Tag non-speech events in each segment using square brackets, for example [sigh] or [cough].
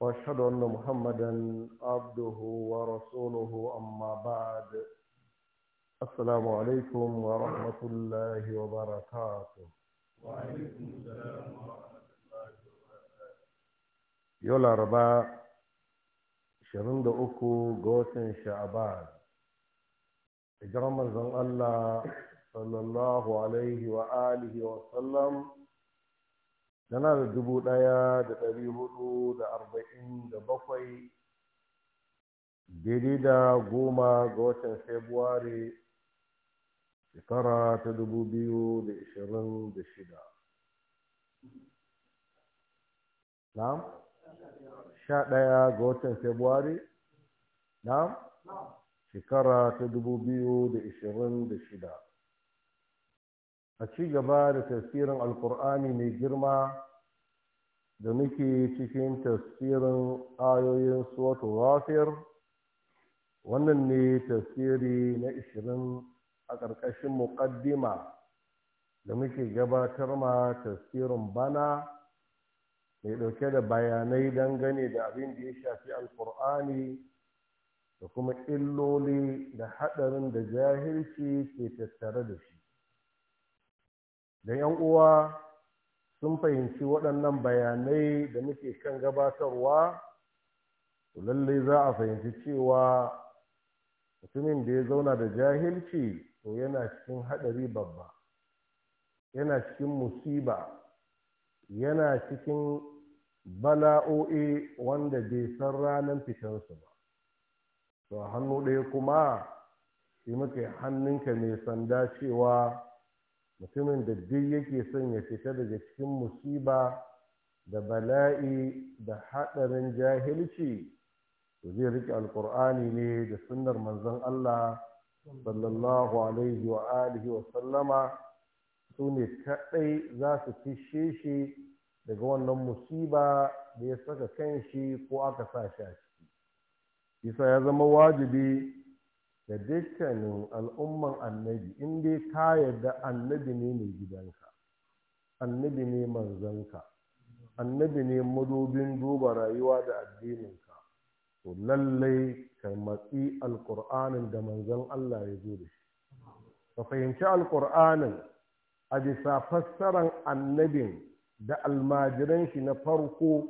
واشهد ان محمدا عبده ورسوله اما بعد السلام عليكم ورحمه الله وبركاته وعليكم السلام ورحمه الله وبركاته يولا ربا شرند اوكو غوتن شعبان اجرام الله صلى الله عليه واله وسلم tana da dubu ɗaya da ɗari hudu da arba'in da bakwai daidai da goma ga watan februari shekara ta dubu biyu da ishirin da shida na'am sha ɗaya ga watan februari na'am shekara ta dubu biyu da ishirin da shida a ci gaba da tafsirin alkur'ani mai girma da muke cikin tafsirin ayoyin suwatu wafir wannan ne tafsiri na 20 a ƙarƙashin muƙaddima da muke gabatar ma tafsirin bana mai ɗauke da bayanai dangane da abin da ya shafi alkur'ani da kuma illoli da haɗarin da jahilci ke tattare da shi da 'yan uwa sun fahimci waɗannan bayanai da muke kan gabatarwa to za a fahimci cewa mutumin da ya zauna da jahilci to yana cikin haɗari babba yana cikin musiba yana cikin bala'o'i wanda bai san ranar fitansu ba to hannu ɗaya kuma shi muke hannunka mai sanda cewa mutumin da duk yake son ya fita daga cikin musiba da bala'i da haɗarin jahilci to zai rike alƙur'ani ne da sunnar manzon Allah sallallahu alaihi wa alihi wa sallama su ne kaɗai za su fishe shi daga wannan musiba da ya saka kan shi ko aka sa shi a ciki. Isa ya zama wajibi da dukkanin al'umman annabi in dai ka yarda annabi ne mai gidanka annabi ne manzanka annabi ne madobin duba rayuwa da addininka to lallai ka matsi alƙur'anin da manzan Allah ya zo da shi ka fahimci alƙur'anin a bisa fassaran annabin da almajiran shi na farko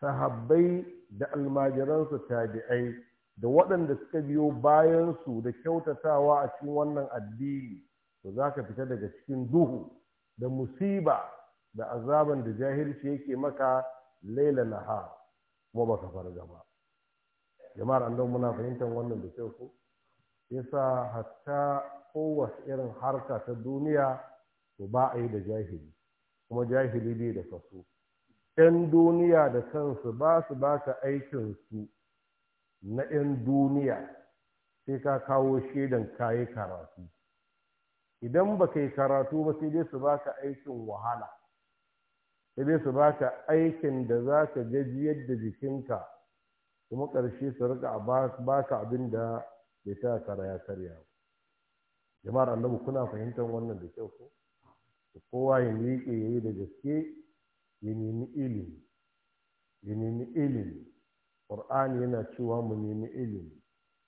sahabbai da almajiransu tabi'ai da waɗanda suka biyo bayansu da kyautatawa a cikin wannan addini to za ka fita daga cikin duhu da musiba da azaban da jahilci yake maka laila naha kuma ka farga ba jama'ar an muna fahimtar wannan da kyau ko yasa hatta kowace irin harka ta duniya to ba a yi da jahili kuma jahili bai da kaso 'yan duniya da kansu ba su baka aikinsu na 'yan duniya sai ka kawo shaidan kayi karatu idan ba ka yi karatu ba sai dai su baka aikin wahala sai dai su baka aikin da za ka gajiyar da jikinka kuma ƙarshe su rika baka abin da bai ta kara ya karya jama'ar annabi kuna fahimtar wannan da kyau ko kowa ya miƙe ya yi da gaske ya nemi ilimi ya nemi ilimi ƙur'ani yana cewa mu nemi ilimi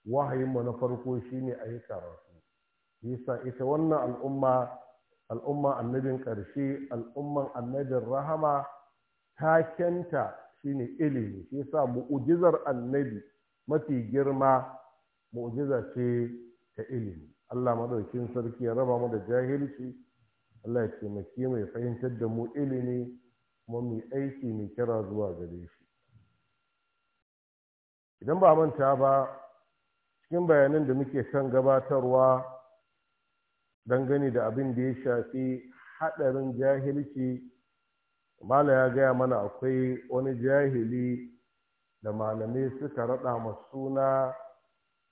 wahayinmu na farko shine a yi karatu ita wannan al'umma al'umma annabin ƙarshe al'umman annabin rahama takenta shine ilimi shi yasa mu'ujizar annabi mafi girma mu'ujiza ce ta ilimi Allah maɗaukin sarki ya raba mu da jahilci Allah ya taimake mu fahimtar da mu ilimi kuma mu aiki mai kira zuwa gare shi idan ba manta ba cikin bayanan da muke son gabatarwa dangane da abin da ya shafi haɗarin jahilci mala ya gaya mana akwai wani jahili da malamai suka raɗa ma suna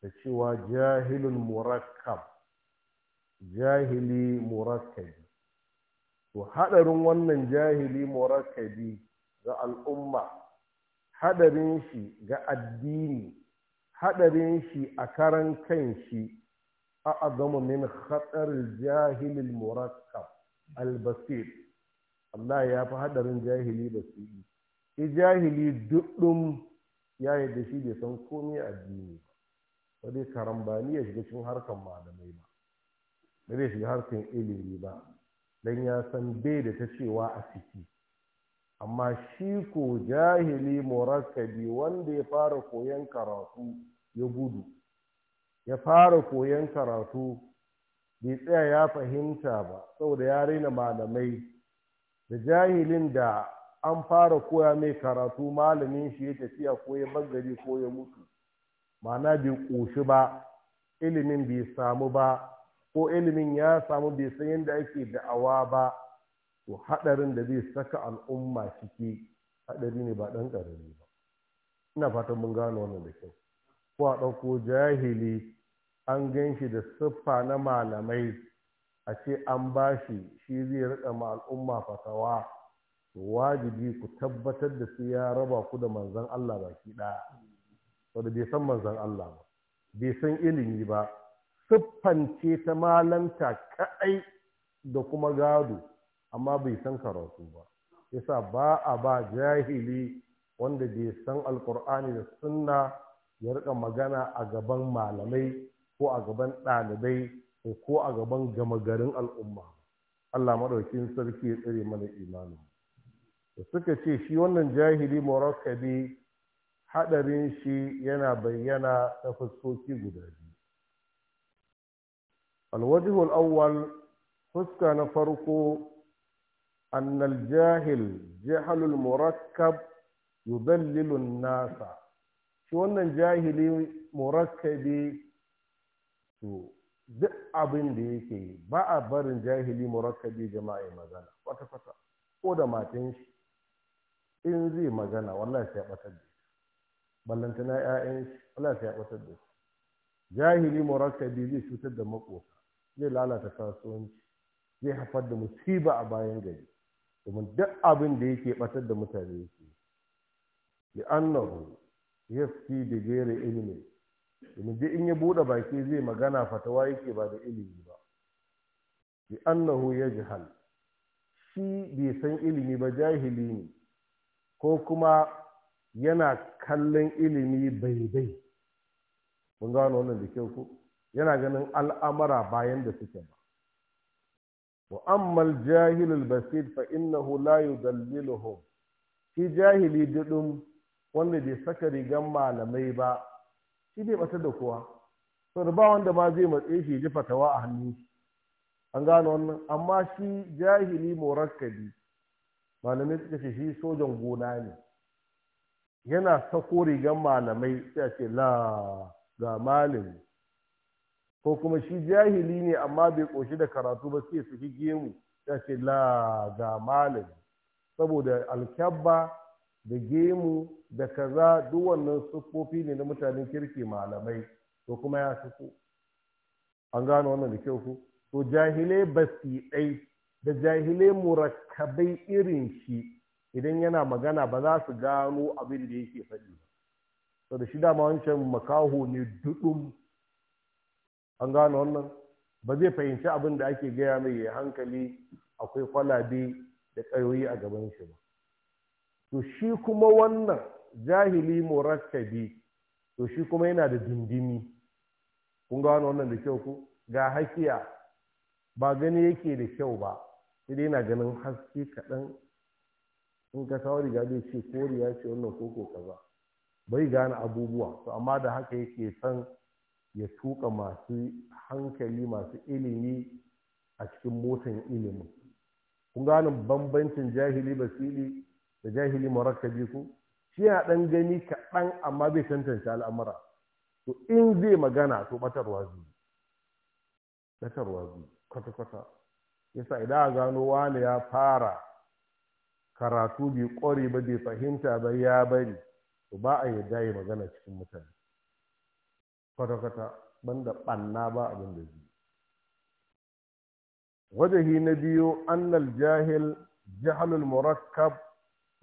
da cewa jahilin murakkab jahili murakkabi to haɗarin wannan jahili murakkabi ga al'umma haɗarin shi ga addini haɗarin shi a karan kan shi a azama min khatar jahilil murakkab albasir Allah ya fi haɗarin jahili basiri shi jahili duɗɗum yayi da shi bai san komai addini ba ba karambani ya shiga cikin harkar malamai ba ba zai shiga harkar ilimi ba don ya san bai da ta cewa a ciki amma shi ko jahili murakkabi wanda ya fara koyon karatu ya gudu ya fara koyon karatu bai tsaya ya fahimta ba saboda ya raina malamai da jahilin da an fara koya mai karatu malamin shi ya tafiya ko ya bangare ko ya mutu ma'ana bai ƙoshi ba ilimin bai samu ba ko ilimin ya samu bai san yadda ake da'awa ba to haɗarin da zai saka al'umma ciki haɗari ne ba ɗan ƙarami ba ina fatan mun gano wannan da kyau ko a ɗauko jahili an gan shi da siffa na malamai a ce an bashi shi shi zai riƙa ma al'umma fatawa wajibi ku tabbatar da su ya raba ku da manzan Allah baki ɗaya wanda bai san manzan Allah ba bai san ilimi ba siffance ta malanta kaɗai da kuma gado amma bai san karatu ba yasa ba a ba jahili wanda bai san alkur'ani da sunna ya rika magana a gaban malamai ko a gaban ɗalibai ko a gaban gama garin al'umma Allah maɗaukin sarki ya tsare mana imani da suka ce shi wannan jahili morakabi haɗarin shi yana bayyana ta fuskoki guda biyu alwajihul awwal fuska na farko أن الجاهل جهل المركب يضلل الناس shi wannan jahili murakkabi to duk abin da yake yi ba a barin jahili murakkabi jama'a magana wata kwata ko da matan shi in zai magana wallahi sai batar da shi na ƴaƴan shi wallahi sai batar da shi jahili murakkabi zai cutar da makota zai lalata kasuwanci zai haifar da musiba a bayan gari domin duk abin da yake batar da mutane yake li annahu yafti bi ghairi ilmi domin duk in ya bude baki zai magana fatawa yake ba da ilimi ba li annahu yajhal shi bai san ilimi ba jahili ne ko kuma yana kallon ilimi bai bai mun gano wannan da kyau ko yana ganin al'amara bayan da suke ba wa ammal jahilul basir fa innahu Layu yudalliluhum shi jahili dudum wanda bai saka rigan malamai ba shi bai bata da kowa to ba wanda ma zai matse shi ji fatawa a hannun shi an gano wannan amma shi jahili murakkabi malamai suka ce shi sojan gona ne yana sako rigan malamai sai a ce la ga ko kuma shi jahili ne amma bai koshi da karatu ba sai su gemu ya ce la ga saboda alkyabba da gemu da kaza duk wannan siffofi ne na mutanen kirki malamai to kuma ya fito an gano wannan da kyau ku to jahilai basiɗai da jahilai murakkabai irin shi idan yana magana ba za su gano abin da yake faɗi ba da shi dama wancan makaho ne duɗin. an gane wannan ba zai fahimci abin da ake gaya mai ya hankali akwai kwalabe da ƙayoyi a gaban shi ba to shi kuma wannan jahili murakkabi to shi kuma yana da dindimi kun gano wannan da kyau ku ga hakiya ba gani yake da kyau ba sai dai yana ganin haske kaɗan in ka kawo riga zai ce koriya ce wannan koko kaza bai gane abubuwa to amma da haka yake san ya tuka masu hankali masu ilimi a cikin motan ilimin kun gane bambancin jahili basiri da jahili marakkabi ku shi ya ɗan gani kaɗan amma bai tantance al'amura to in zai magana to batarwa zai batarwa zai kwata-kwata yasa idan a gano wani ya fara karatu bai kware ba bai fahimta ba ya bari to ba a yarda ya magana cikin mutane kwata-kwata banda ɓanna ba abin da zai wajahi na biyu annal jahil jahalul murakkab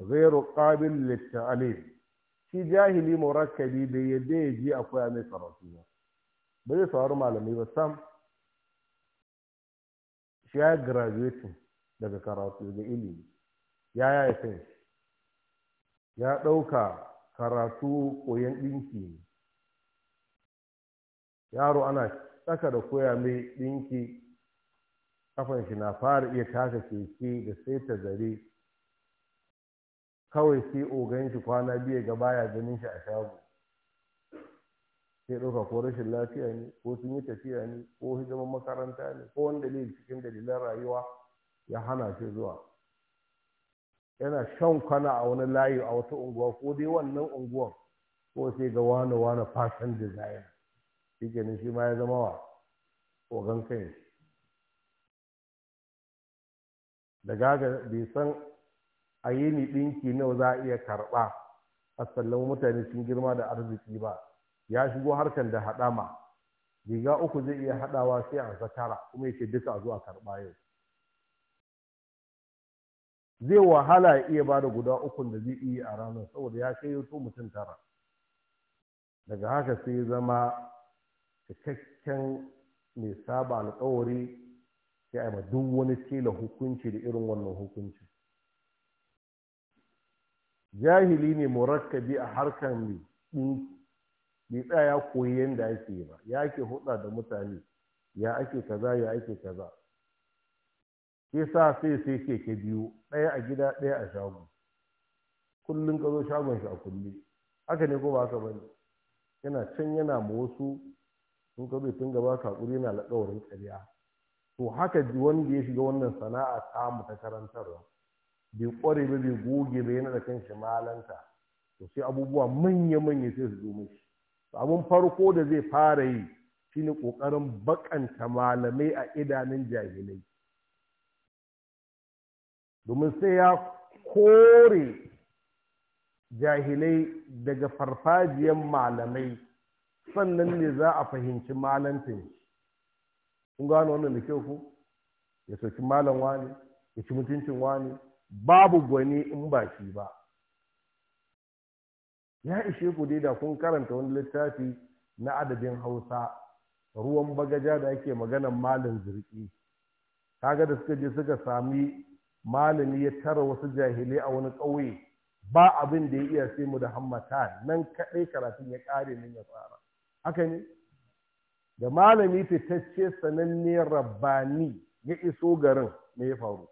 ghairu qabil litta'alil shi jahili murakkabi bai yadda ya ji akwai a mai karatu ba ba zai sauri malamai ba sam shi ya graduating daga karatu daga ilimi ya yaya ya ɗauka karatu koyon ɗinki ne yaro ana saka da koya mai ɗinki kafan shi na fara iya taka keke da sai ta zare kawai sai ogan shi kwana biyu ga baya ganin shi a shago sai ɗauka ko rashin lafiya ne ko sun yi tafiya ne ko zama makaranta ne ko wani dalili cikin dalilan rayuwa ya hana shi zuwa yana shan kwana a wani layi a wata unguwa ko dai wannan unguwan ko sai ga wane wane da zaya shike ne shi ma ya zama wa ogan kai daga gaga, bai san a yi ni ɗinki nawa za a iya karɓa a sallama mutane sun girma da arziki ba ya shigo harkan da haɗama riga uku zai iya haɗawa sai a zakara kuma yake duka a zuwa karɓa yau zai wahala ya iya ba da guda ukun da zai iya a ranar saboda ya kai mutum tara daga haka sai zama cikakken mai saba alkawari ya a duk wani tela hukunci da irin wannan hukunci jahili ne murakkabi a harkar mai bai tsaya ya koyi yadda ake yi ba ya ake hudu da mutane ya ake kaza ya ake kaza ke sa sai sai keke biyu ɗaya a gida ɗaya a shago kullum ka zo shagon shi a kulle haka ne ko ba haka bane yana can yana ma wasu Sun ka bai tun gaba ka hakuri yana alƙawarin ƙarya to haka ji wanda ya shiga wannan sana'a ta mu ta karantarwa bai ƙware ba bai goge ba yana da kan shi malanta to sai abubuwa manya-manya sai su zo mishi abun farko da zai fara yi shine ƙoƙarin baƙanta malamai a idanun jahilai domin sai ya kore jahilai daga farfajiyan malamai sannan ne za a fahimci malantin kun gano wannan da kyau ku ya sauki malam wani ya ci mutuncin wani babu gwani in ba shi ba ya ishe ku dai da kun karanta wani littafi na adabin hausa ruwan bagaja da ake maganan malam zirki kaga da suka je suka sami malami ya tara wasu jahilai a wani ƙauye ba abin da ya iya sai mu da hammata nan kaɗai karatun ya ƙare min ya fara. haka ne da malami fitacce sananne rabbani ya iso garin me ya faru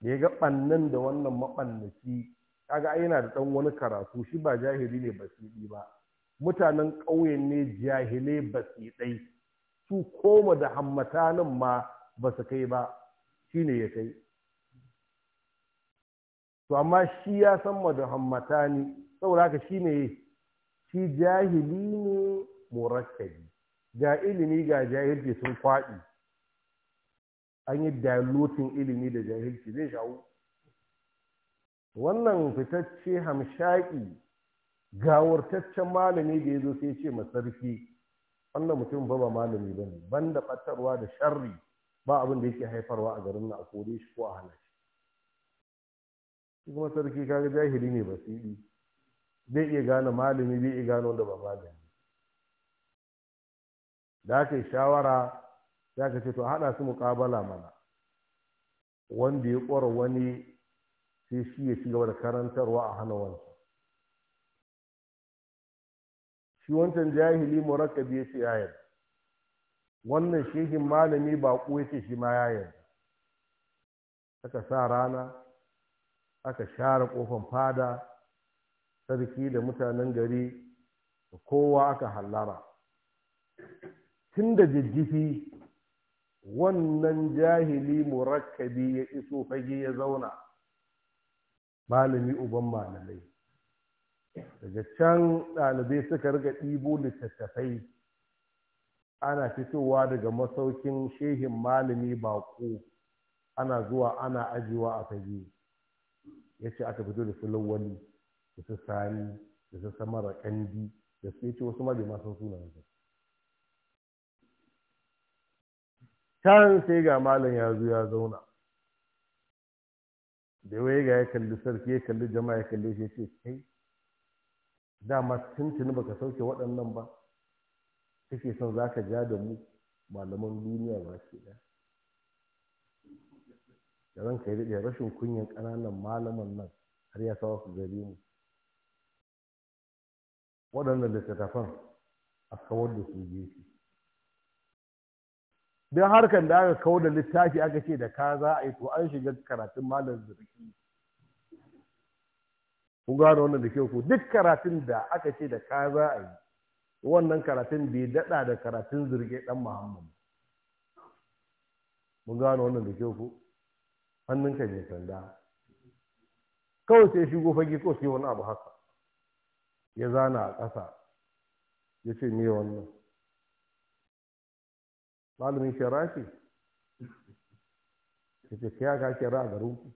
da ya ga ɓannan da wannan maɓannaci kaga yana da ɗan wani karatu shi ba jahili ne basiɗi ba mutanen ƙauyen ne jahilai basiɗai su koma da hammatanin ma ba su kai ba shi ne ya kai to amma shi ya san ma da hammatani saboda haka shi ne shi jahili ne murakkabi ga ilimi ga jahilci sun kwaɗi an yi dalotin ilimi da jahilci zai shawo wannan fitacce hamshaƙi gawartaccen malami da ya zo sai ce masarki wannan mutum ba ba malami ba ne ban da ɓatarwa da sharri ba abin da yake haifarwa a garin na a kore shi ko a hana shi kuma sarki kaga jahili ne basiri zai iya gane malami zai iya gane wanda ba malami da aka yi shawara ya ka ce to haɗa su muƙabala mana wanda ya ƙwara wani sai shi ya ci gaba da karantarwa a hana wani shi wancan jahili murakkabi ya ce yayar wannan shehin malami ba ya ce shi ma yayar aka sa rana aka share kofan fada sarki da mutanen gari da kowa aka hallara tun da jijjifi wannan jahili murakkabi ya iso fage ya zauna malami uban malamai daga can ɗalibai suka riga ɗibo littattafai ana fitowa daga masaukin shehin malami baƙo ana zuwa ana ajiyewa a fage ya ce aka fito da filin wani da su sani da su samara kandi da su ce wasu ma bai ma san sunan su can sai ga malam ya zo ya zauna da yawai ga ya kalli sarki ya kalli jama'a ya kalli shi ce kai dama tuntuni ka sauke waɗannan ba kake son za ka ja da mu malaman duniya ba ke da da ranka kai daɗe rashin kunyan ƙananan malaman nan har ya sawa ku gare mu waɗannan littattafan a kawar da su gefe don harkar da aka kawo da littafi aka ce da ka za a yi to an shiga karatun malam zurfi ku gano wannan da ke ku duk karatun da aka ce da ka za a yi wannan karatun bai daɗa da karatun zurge ɗan muhammad mun gano wannan da ke ku hannunka ne sanda kawai sai shigo fage ko sai wani abu haka ya zana a ƙasa ya ce me wannan malamin shara ce ya ce ka yaka shara a garin ku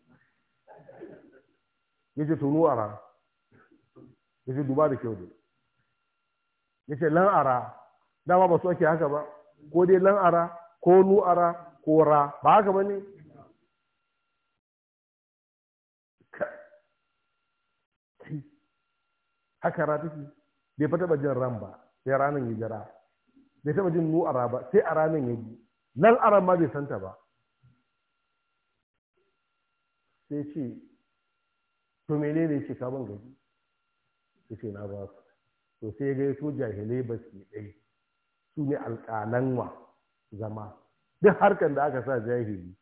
ya ce tunu ara ya ce duba da kyau ne ya ce lan ara dama ba su ake haka ba ko dai lan ara ko nu ara ko ra ba haka ba ne haka ra bai fa taba jin ran ba sai ranar ya jira bai taba jin nu ara ba sai a ranar ya ji Nan aran ma bai santa ba sai ce to menene ce ka ban gaji ya ce na ba su to sai ga so jahilai ba su ɗai su ne alƙalan wa zama duk harkar da aka sa jahili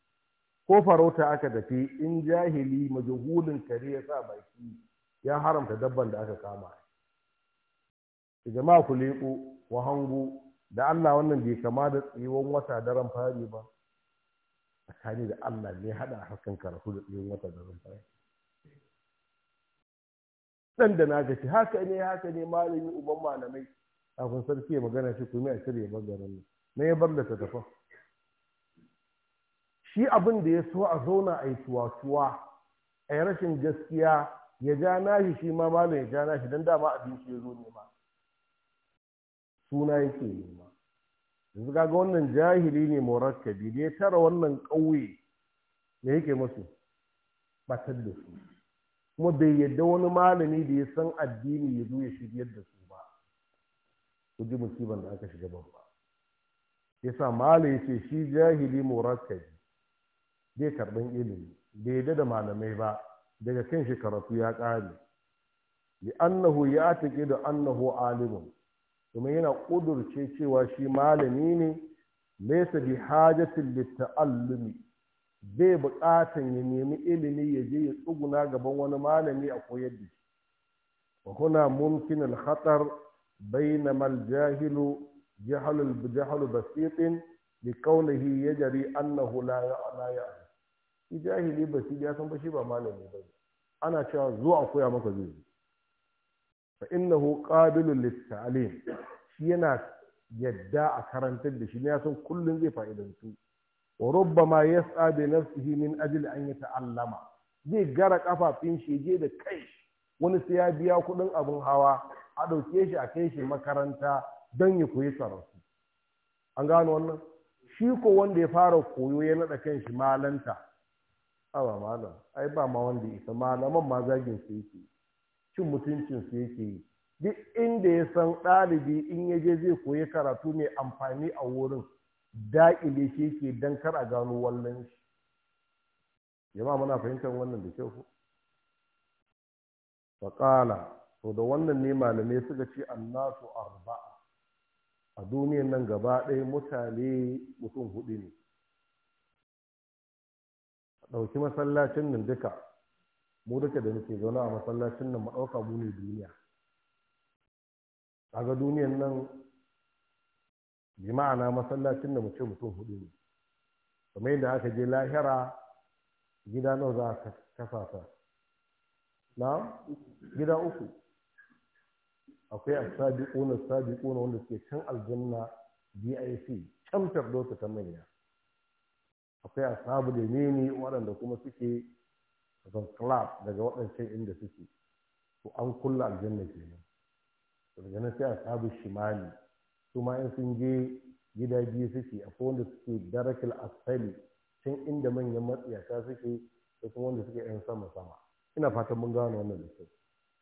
ko farauta aka tafi in jahili majahulin kare ya sa baki ya haramta dabban da aka kama jama'a ku leƙo wa hango da Allah wannan bai kama da tsiwon wata daren fari ba kani da Allah ne a hakan karatu da tsiwon wata daren fari ɗan da na gaci haka ne haka ne malami uban malamai kafin sarki ya magana shi kuma a cire bangaren ne na ya bar da ta tafa shi abin da ya so a zauna a yi tuwa-tuwa a yi rashin gaskiya ya ja nashi shi ma malam ya ja nashi don dama abinci ya zo nema suna yake nema yanzu kaga wannan jahili ne murakkabi da ya tara wannan ƙauye da yake masu batar da su kuma bai yadda wani malami da ya san addini ya zo ya shiryar da su ba ku ji musiban da aka shiga babba Ya sa malam ya ce shi jahili murakkabi zai karɓan ilimi bai yadda da malamai ba daga kan shi ya ƙare li annahu ya take da annahu alimun domin yana ƙudurce cewa shi malami ne laisa bi hajatin litta'allumi bai buƙatan ya nemi ilimi ya je ya tsuguna gaban wani malami a koyar da shi wa huna mumkin al-khatar bainama jahilu jahalu basitin li qawlihi yajri annahu la ya'lamu shi jahili basiri ya san ba shi ba malami ba ana cewa zuwa koya maka zai fa innahu qabilun lit shi yana yadda a karantar da shi ne ya san kullun zai fa'idantu wa rubbama yas'a bi nafsihi min ajli an yata'allama zai gara kafafin shi je da kai wani sai ya biya kuɗin abin hawa a ɗauke shi a kai shi makaranta don ya koyi sarrafu an gano wannan shi ko wanda ya fara koyo ya naɗa kan shi malanta awa malam ai ba ma wanda isa malaman ma zagin su yake cin mutuncin su yake yi duk inda ya san ɗalibi in ya je zai koyi karatu mai amfani a wurin daƙile shi yake don kar a gano wallan shi muna fahimtar wannan da kyau faƙala to da wannan ne malamai suka ce annasu arba'a a duniyan nan gaba ɗaya mutane mutum hudu ne ɗauki masallacin nan duka mu duka da nake zaune a masallacin nan maɗauka mu ne duniya A ga duniyan nan bi ma'ana masallacin da mace mutum hudu ne kamar yadda aka je lahira gida nawa za a kasa na gida uku akwai a asabiquna sabiquna wanda suke can aljanna BIC can firdausa ta manya akwai asabu da meni waɗanda kuma suke daga club daga waɗancan inda suke to an kulla aljanna nan daga nan sai asabu shimali su ma in sun je gida biyu suke akwai wanda suke darakil asali can inda manyan matsiyata suke da kuma wanda suke yan sama sama ina fatan mun gano wannan da kyau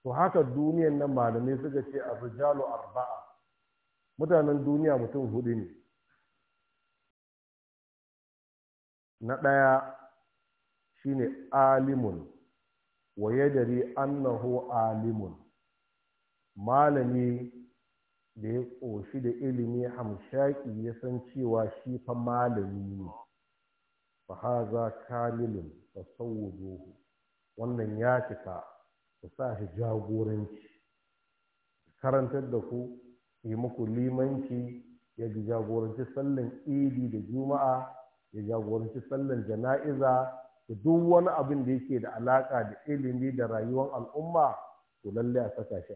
to haka duniyan nan malamai suka ce a jalo arba'a mutanen duniya mutum hudu ne na ɗaya shi ne alimun wa yadari annahu alimun malami da ya ƙoshi da ilimi hamshaki ya san cewa shi fa malami ne fa haza kamilun tasawwuduhu wannan ya cika ku sa shi jagoranci karantar da ku yi muku limanci ya ji jagoranci sallan idi da juma'a ya jagoranci sallar jana'iza da duk wani abin da yake da alaƙa da ilimi da rayuwar al'umma to lalle a saka shi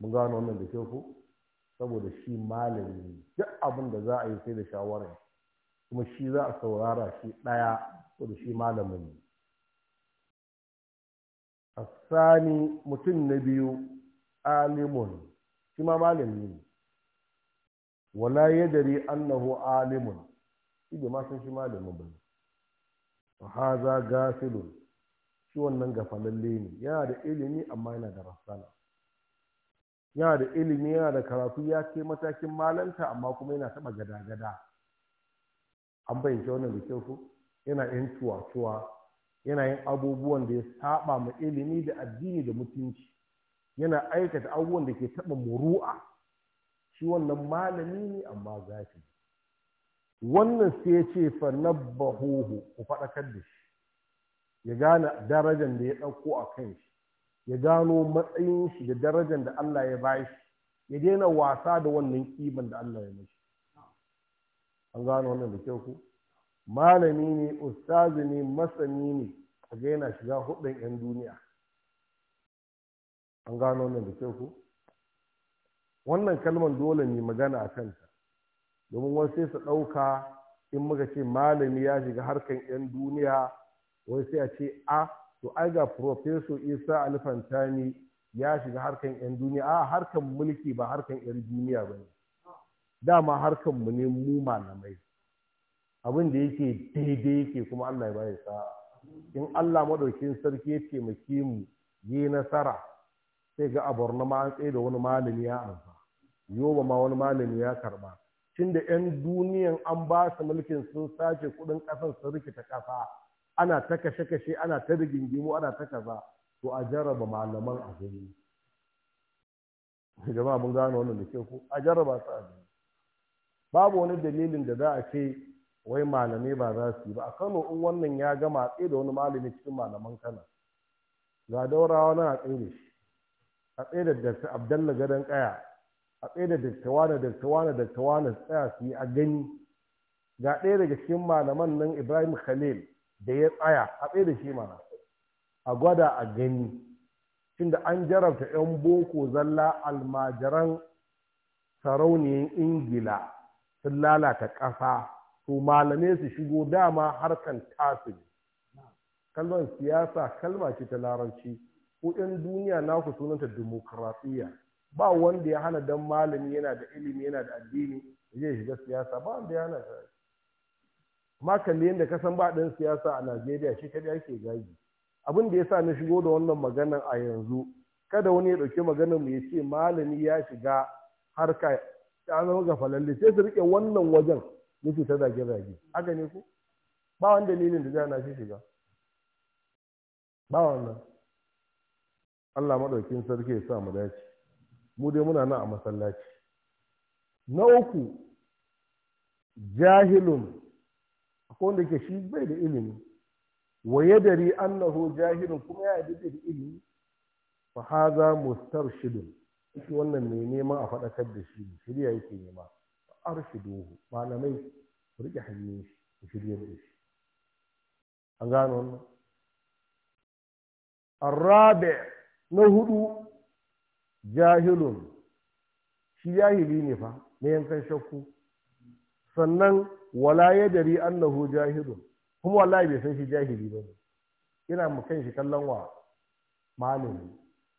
mun gano wannan da kyau ko saboda shi malami duk abin da za a yi sai da shawarar kuma shi za a saurara shi ɗaya saboda shi malamin ne asani mutum na biyu alimun shi ma malami ne wala yadari annahu alimun shi bai ma san shi malamin ba to haza gafilun shi wannan gafalalle ne yana da ilimi amma yana da rasala yana da ilimi yana da karatu ya ke matakin malanta amma kuma yana taɓa gada-gada an bayyance wannan da kyau yana yin tuwa-tuwa yana yin abubuwan da ya saba ma ilimi da addini da mutunci yana aikata abubuwan da ke taɓa muru'a shi wannan malami ne amma zafi wannan sai ya ce fa nabbahuhu ku faɗakar da shi ya gane darajar da ya ɗauko a kan shi ya gano matsayin shi da darajar da Allah ya ba shi ya daina wasa da wannan kiban da Allah ya mashi an gano wannan da kyau ku malami ne ustazi ne masani ne a ga yana shiga hudun yan duniya an gano wannan da kyau ku wannan kalmar dole ne magana a kanta domin wani sai su ɗauka in muka ce malami ya shiga harkan 'yan duniya wani sai a ce a to ai ga profeso isa alfantani ya shiga harkan 'yan duniya a harkar mulki ba harkar 'yan duniya ba ne dama harkar mu ne mu malamai abin da yake daidai yake kuma allah ya baya sa'a in allah maɗaukin sarki ya taimake mu yi nasara sai ga a borno ma an tsaye da wani malami ya amsa yoba ma wani malami ya karɓa. da 'yan duniyan an ba su mulkin sun sace kudin kasar sun rikita ƙasa ana ta kashe-kashe ana ta rigingimu ana ta kaza to a jarraba malaman a gani jama'a mun gano wannan da ke ku a jaraba su a gani babu wani dalilin da za a ce wai malamai ba za su yi ba a kano in wannan ya gama tsaye da wani malami cikin malaman kana ga daurawa na a tsaye da shi a tsaye da abdalla gadon kaya a tsaye da dattawana dattawana dattawana tsaya su yi a gani ga ɗaya daga cikin malaman nan ibrahim khalil da ya tsaya a tsaye da shi mana a gwada a gani shin da an jarabta 'yan boko zalla almajiran sarauniyan ingila sun lalata ƙasa to malamai su shigo dama harkan tasu kalmar siyasa kalma ce ta larabci ko 'yan duniya naku sunanta dimokuraɗiyya ba wanda ya hana dan malami yana da ilimi yana da addini zai shiga siyasa ba wanda ya hana shi ma kalli yadda ka san ba ɗan siyasa a Najeriya shi kadai ake gaji abin da ya sa na shigo da wannan maganan a yanzu kada wani ya ɗauki maganar mu ya ce malami ya shiga harka ya zama ga falalle sai su riƙe wannan wajen nufi ta zage zage haka ne ku ba wani dalilin da jana na shi shiga ba wannan Allah maɗaukin sarki ya sa mu dace mu dai muna nan a masallaci na uku jahilun akwai wanda ke shi bai da ilimi wa yadari annahu jahilun kuma ya yi da ilimi fa haza mustarshidun shi wannan mai nema a faɗakar da shi shirya yake nema arshiduhu malamai ku riƙe hanyar shi ku shirya da shi an gano wannan na hudu jahilun shi jahili ne fa na yankan shakku sannan wala ya dari annahu jahilun kuma wallahi bai san shi jahili ba ne ina mu kan shi kallon wa malami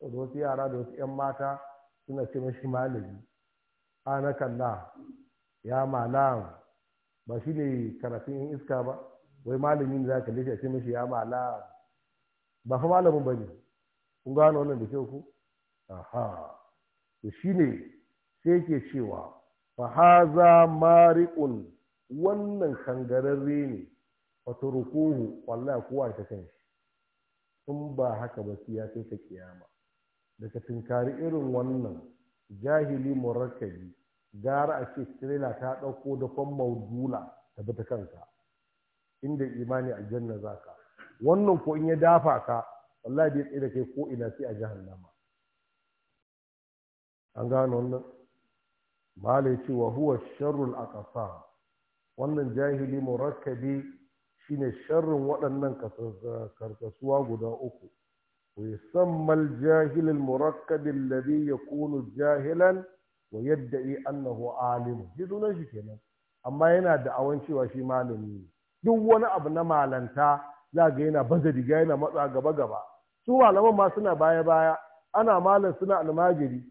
da wasu yara da wasu 'yan mata suna ce mashi malami ana kalla ya malam ba shi ne karafin yan iska ba wai malamin za ka lishe ce mashi ya malam ba fa malamin ba ne kun gano wannan da kyau ku aha to shine sai yake cewa fa haza Mari'un wannan kangararre ne faturukuhu wallahi kowa ta kan shi in ba haka ba sai ya kai ta kiyama daga tunkari irin wannan jahili murakkabi gara a ce trailer ta ɗauko da kwan maudula ta bi ta kanka inda imani aljanna za ka wannan ko in ya dafa ka wallahi bai tsira kai ko ina sai a jahannama an gano wannan malai ce wa huwa sharrul aqsa wannan jahili murakkabi shine sharrin waɗannan karkasuwa guda uku wa yusamma al-jahil al-murakkab alladhi yakunu jahilan wa yadda'i annahu alim shi sunan shi kenan amma yana da awan cewa shi malami duk wani abu na malanta za ga yana baza diga yana matsa gaba gaba su malaman ma suna baya baya ana malam suna almajiri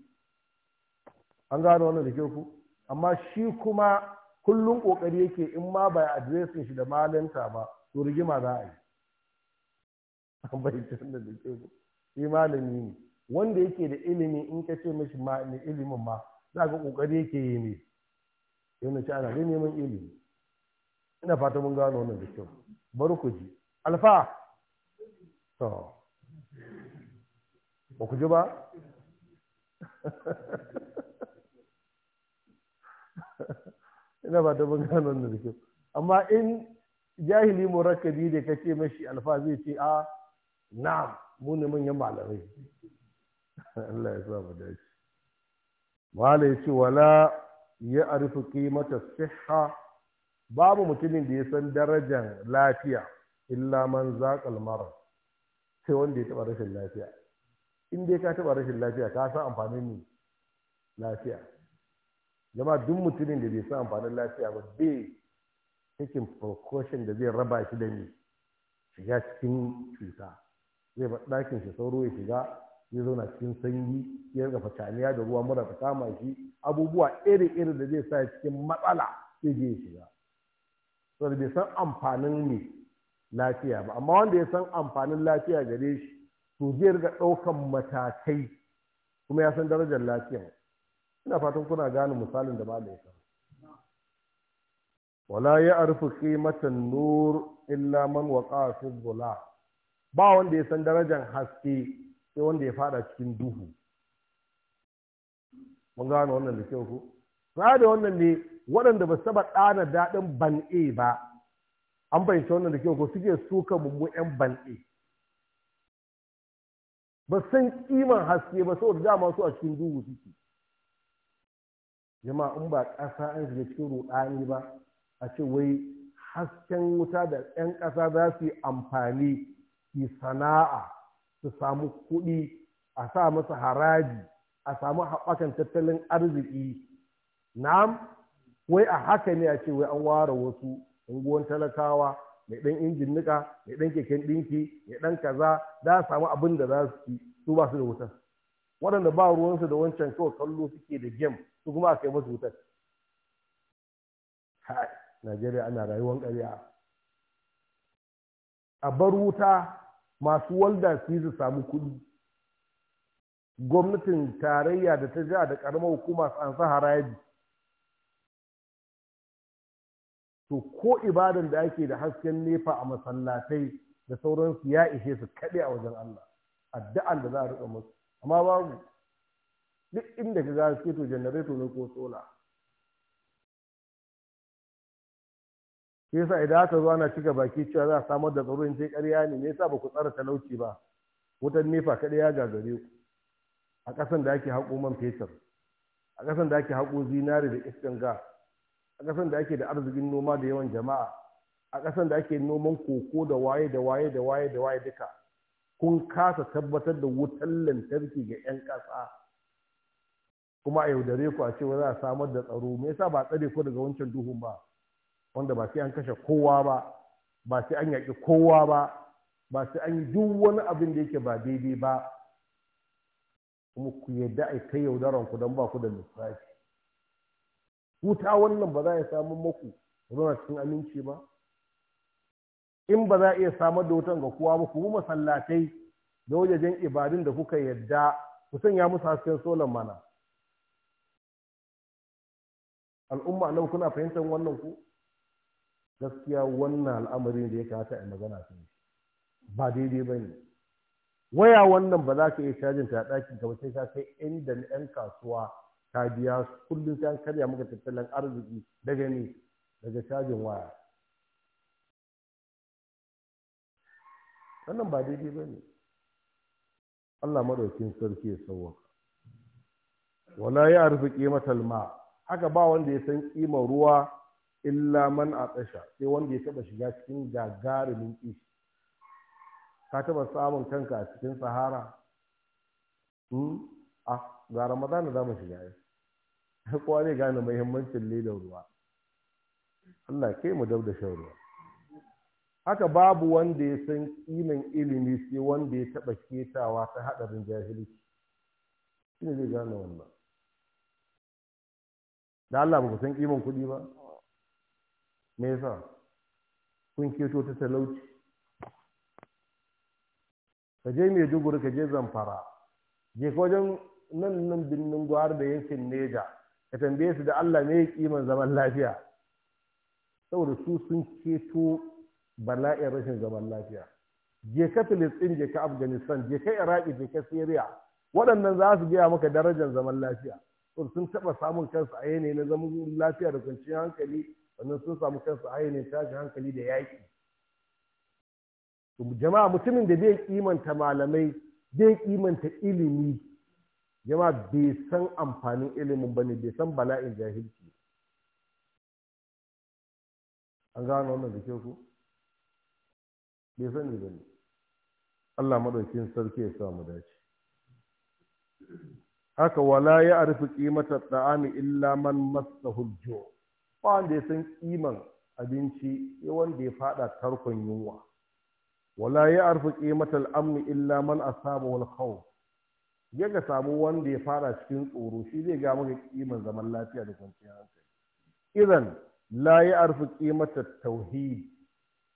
an gano wannan da ke ku amma shi kuma kullum kokari yake in ma ba ya adiresin shi da malanta ba to rigima za a yi an bai bayyana da ke shi malami ne wanda yake da ilimi in ka ce mishi ma ne ilimin ma za ka kokari yake yi ne na ci ana neman ilimi ina fata mun gano wannan da kyau bari ku ji alfa to ba ku ji ba [laughs] ina ba ta bin gano da kyau amma in jahili murakkabi da kace mashi alfa zai ce a na mu ne manyan malamai Allah ya sa mu dace mala ce wala ya arifu qimata sihha babu mutumin da ya san darajan lafiya illa man zaqal marad sai wanda ya taba rashin lafiya in dai ka taba rashin lafiya ka san amfanin lafiya jama duk mutumin da bai san amfanin lafiya ba bai cikin precaution da zai raba shi da ni shiga cikin cuta zai bar ɗakin shi sauro ya shiga zai zauna cikin sanyi ya rika fataniya da ruwa mura ta kama shi abubuwa iri-iri da zai sa cikin matsala zai je shiga saboda bai san amfanin ne lafiya ba amma wanda ya san amfanin lafiya gare shi to zai riga ɗaukan matakai kuma ya san darajar lafiya ina fatan kuna gane misalin da malai ya yasa wala ya arfi kimatan nur illa man wa fi bula ba wanda ya san darajar haske sai wanda ya fada cikin duhu mun gane wannan da kyau ko sai da wannan ne waɗanda ba saba ɗana daɗin ban'e ba an bayyana wannan da kyau ko suke suka mummu yan ban'e ba san kiman haske ba saboda dama su a cikin duhu suke jama'a in ba ƙasa an shiga cikin ruɗani ba a ce wai hasken wuta da 'yan ƙasa za su yi amfani su sana'a su samu kuɗi a sa masa haraji a samu haɓakan tattalin arziki na'am wai a haka ne a ce wai an ware wasu unguwan talakawa mai ɗan injin nika mai ɗan keken ɗinki mai ɗan kaza za samu abin da za su yi. su ba su da wutar waɗanda ba ruwansu da wancan kawai kallo suke da gem su kuma a kai masu wutar kai najeriya ana rayuwar ƙarya a bar wuta masu walda su yi su samu kuɗi gwamnatin tarayya da ta ja da ƙaramar hukuma su an haraji to ko ibadan da ake da hasken nefa a masallatai da sauransu ya ishe su kaɗai a wajen Allah addu'an da za a riƙa musu amma babu duk inda ka ga haske to janareto ne ko sola yasa idan aka zo ana cika baki cewa za a samar da tsaro in sai ƙarya ne me yasa ba ku tsara talauci ba wutan nefa kaɗai ya gagare ku a ƙasan da ake haƙo man fetur a ƙasan da ake haƙo zinari da iskan gas a ƙasan da ake da arzikin noma da yawan jama'a a ƙasan da ake noman koko da waye da waye da waye da waye duka kun kasa tabbatar da wutar lantarki ga 'yan ƙasa kuma a yaudare ku a cewa za a samar da tsaro me yasa ba tsare ku daga wancan duhun ba wanda ba sai an kashe kowa ba ba sai an yaƙi kowa ba ba sai an yi duk wani abin da yake ba daidai ba kuma ku yadda a kai yaudaran ku don ba ku da lissafi wuta wannan ba za a samu maku zama cikin aminci ba in ba za a iya samar da wutan ga kowa ba ku bi masallatai da wajajen ibadun da kuka yadda ku sanya musu hasken solar mana al'umma nan kuna fahimtar wannan ku gaskiya wannan al'amarin da ya kamata a magana ta ba daidai ba ne waya wannan ba za ka iya cajin ta ɗakin ka sai ka kai inda na 'yan kasuwa ta biya kullum sai karya maka tattalin arziki daga ne daga cajin waya wannan ba daidai ba ne Allah madaukin sarki ya sauwa wala ya arfi qimatal ma haka ba wanda ya san kimar ruwa illa man atsasha sai wanda ya taba shiga cikin gagarumin kishi ka taba samun kanka a cikin sahara hmm? a ga ramadan da mu shiga yau kowa zai gane muhimmancin ledan ruwa Allah ke mu dab da shan ruwa haka babu wanda ya san kimin ilimi sai wanda ya taɓa ketawa ta haɗarin jahilci shi ne zai gane wannan da Allah ba ku san kimin kuɗi ba me yasa kun keto ta talauci ka je mai duguri ka je zamfara je ka wajen nan nan birnin gwar da yankin neja ka tambaye su da Allah ne kiman zaman lafiya saboda su sun keto bala'in rashin zaman lafiya je ka filistin je ka afghanistan je ka iraki je ka syria waɗannan za su gaya maka darajar zaman lafiya sun taɓa samun kansu a yanayi na zaman lafiya da kwanciyar hankali sannan sun samu kansu a yanayin tashin hankali da yaƙi jama'a mutumin da bai kimanta malamai bai kimanta ilimi jama'a bai san amfanin ilimin bane bai san bala'in jahilci an gano wannan da ku bai sani ba ne allah maɗaukin sarki ya samu dace haka wala ya arfi ƙimata ta'ami illa man masa hujjo ba wanda ya san ƙiman abinci ya wanda ya faɗa tarkon yunwa wala ya arfi ƙimata al'amni illa man asaba wal khawf ya ga samu wanda ya fara cikin tsoro shi zai ga maka ƙiman zaman lafiya da kwanciyar hankali idan la ya arfi ƙimata tauhid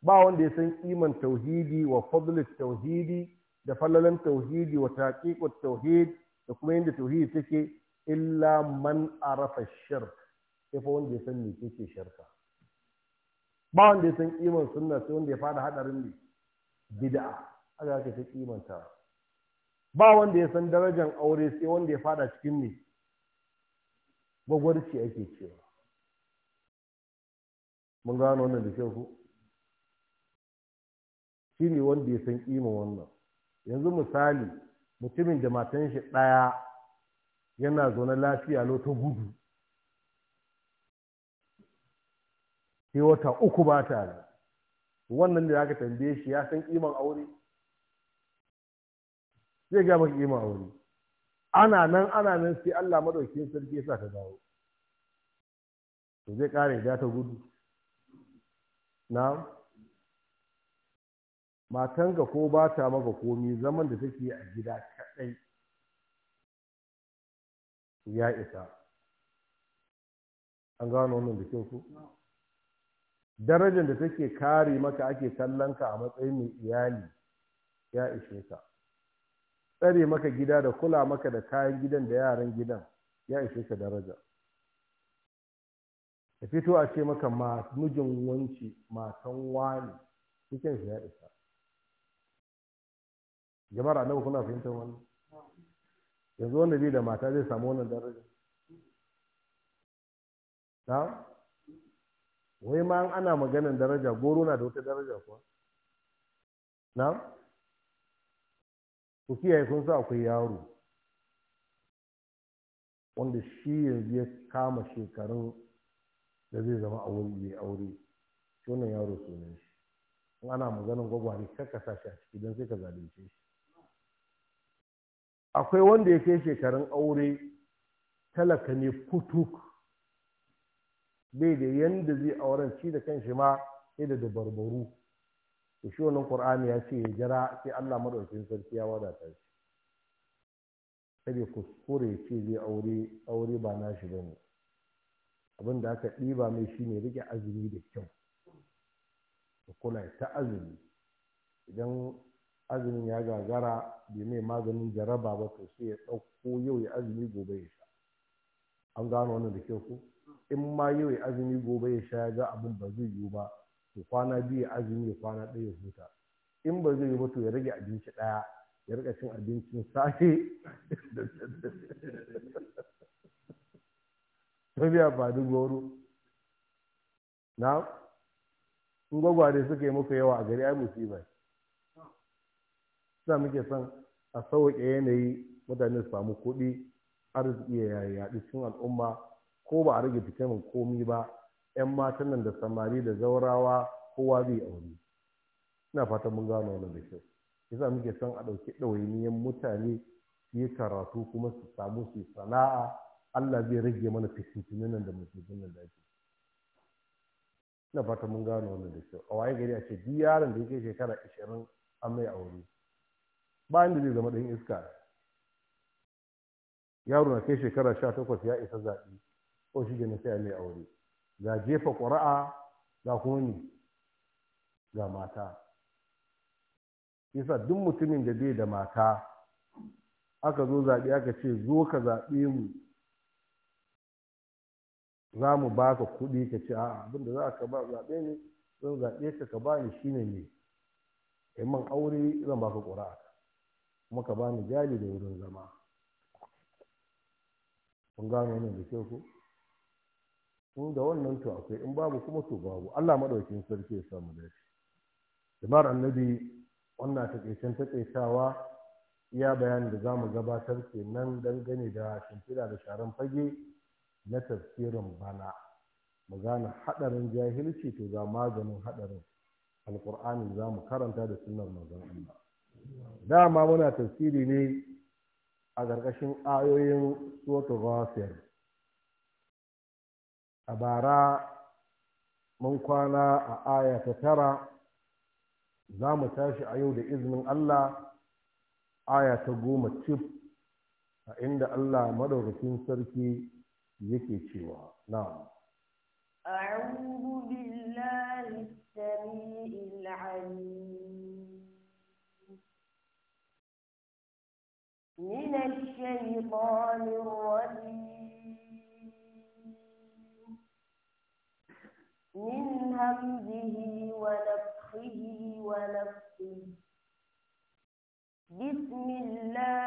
ba wanda ya san kiman tauhidi wa fadlit tauhidi da falalan tauhidi wa taqiqut tauhid da kuma yadda tauhidi take illa man arafa shirk sai fa wanda ya san me yake shirka ba wanda ya san kiman sunna sai wanda ya fada hadarin ne bid'a haka ka ta kimanta ba wanda ya san darajar aure sai wanda ya fada cikin ne gwagwarci ake cewa mun gano wannan da kyau ku shi ne wanda ya san ƙima wannan yanzu misali mutumin da matan shi ɗaya yana zaune lafiya lau ta gudu sai wata uku ba tare wannan da aka tambaye shi ya san ƙiman aure zai ga maka aure ana nan ana nan sai Allah madaukakin sarki ya sa ta dawo to zai kare da ta gudu na'am Matan ga ko ba ta maka komi zaman da take a gida kaɗai ya isa an gano wannan da kyau ko darajar da take kare maka ake kallon ka a matsayin mai iyali ya ishe ka tsare maka gida da kula maka da kayan gidan da yaran gidan ya ishe ka daraja Ka fito a ce maka mijin wanci matan wani cikin ya isa jama'ar annabi kuna fahimtar wannan yanzu wanda bai da mata zai samu wannan daraja ta wai ma ana maganin daraja goro na da wata daraja kuwa na ku kiyaye sun sa akwai yaro wanda shi yanzu ya kama shekarun da zai zama a yi aure shi wannan yaro sunan shi in ana maganin gwagwani kakka sa shi a ciki don sai ka zalunce shi akwai wanda ya kai shekarun aure talaka ne futuk bai da yanda zai auren shi da kanshi ma sai da dabarbaru da shi wannan qur'ani ya ce ya jira sai Allah madaukakin sarki ya ta shi kada kuskure ya ce zai aure aure ba na shi bane abin da aka ɗiba mai shine rike azumi da kyau da kula ta azumi idan azumin ya gagara bai mai maganin jaraba ba to sai ya ɗauko yau ya azumi gobe ya sha an gano wannan da kyau ko in ma yau ya azumi gobe ya sha ya ga abin ba zai yiwu ba to kwana biyu ya azumi ya kwana ɗaya ya huta in ba zai yiwu ba to ya rage abinci ɗaya ya rika cin abincin safe ta biya ba duk goro na in gwagware suka yi yawa a gari ai musiba sa muke son a sauƙe yanayi mutane su samu kuɗi arziki ya yaɗu cikin al'umma ko ba a rage min komi ba 'yan matan nan da samari da zaurawa kowa zai aure ina fatan mun gano wannan da kyau yasa muke son a ɗauki ɗawainiyan mutane su yi karatu kuma su samu su sana'a Allah zai rage mana fitintunan nan da musulmin nan da ake ina fatan mun gano wannan da kyau a waye gari a ce duk yaron da yake shekara ashirin an mai aure ba inda zai zama ɗan iska yaro na kai shekara sha takwas ya isa zaɓi ko shi na sai mai aure ga jefa ƙuri'a ga kuma ni ga mata isa duk mutumin da bai da mata aka zo zaɓe aka ce zo ka zaɓe mu za mu ba ka kuɗi ka ce a abinda za ka ba zaɓe ne zan zaɓe ka ka ba ni shine ne man aure zan ba ka ƙura'a kuma ka bani jari da wurin zama kun gano ne da kyau ko in da wannan to akwai in babu kuma to babu Allah madaukakin sarki ya samu da shi jama'ar annabi wannan ta taƙaitawa iya bayanin da zamu gabatar kenan dangane da shimfida da sharan fage na tafsirin bana mu gane haɗarin jahilci to ga maganin haɗarin alƙur'ani za mu karanta da sunnar manzon Allah dama muna tafsiri ne a ƙarƙashin ayoyin suratul ghafir a bara mun kwana a aya ta tara za mu tashi a yau da izinin Allah aya ta goma cif a inda Allah madaukakin sarki yake cewa na أعوذ بالله السميع العليم من الشيطان الرجيم من همزه ونفخه ونفخه بسم الله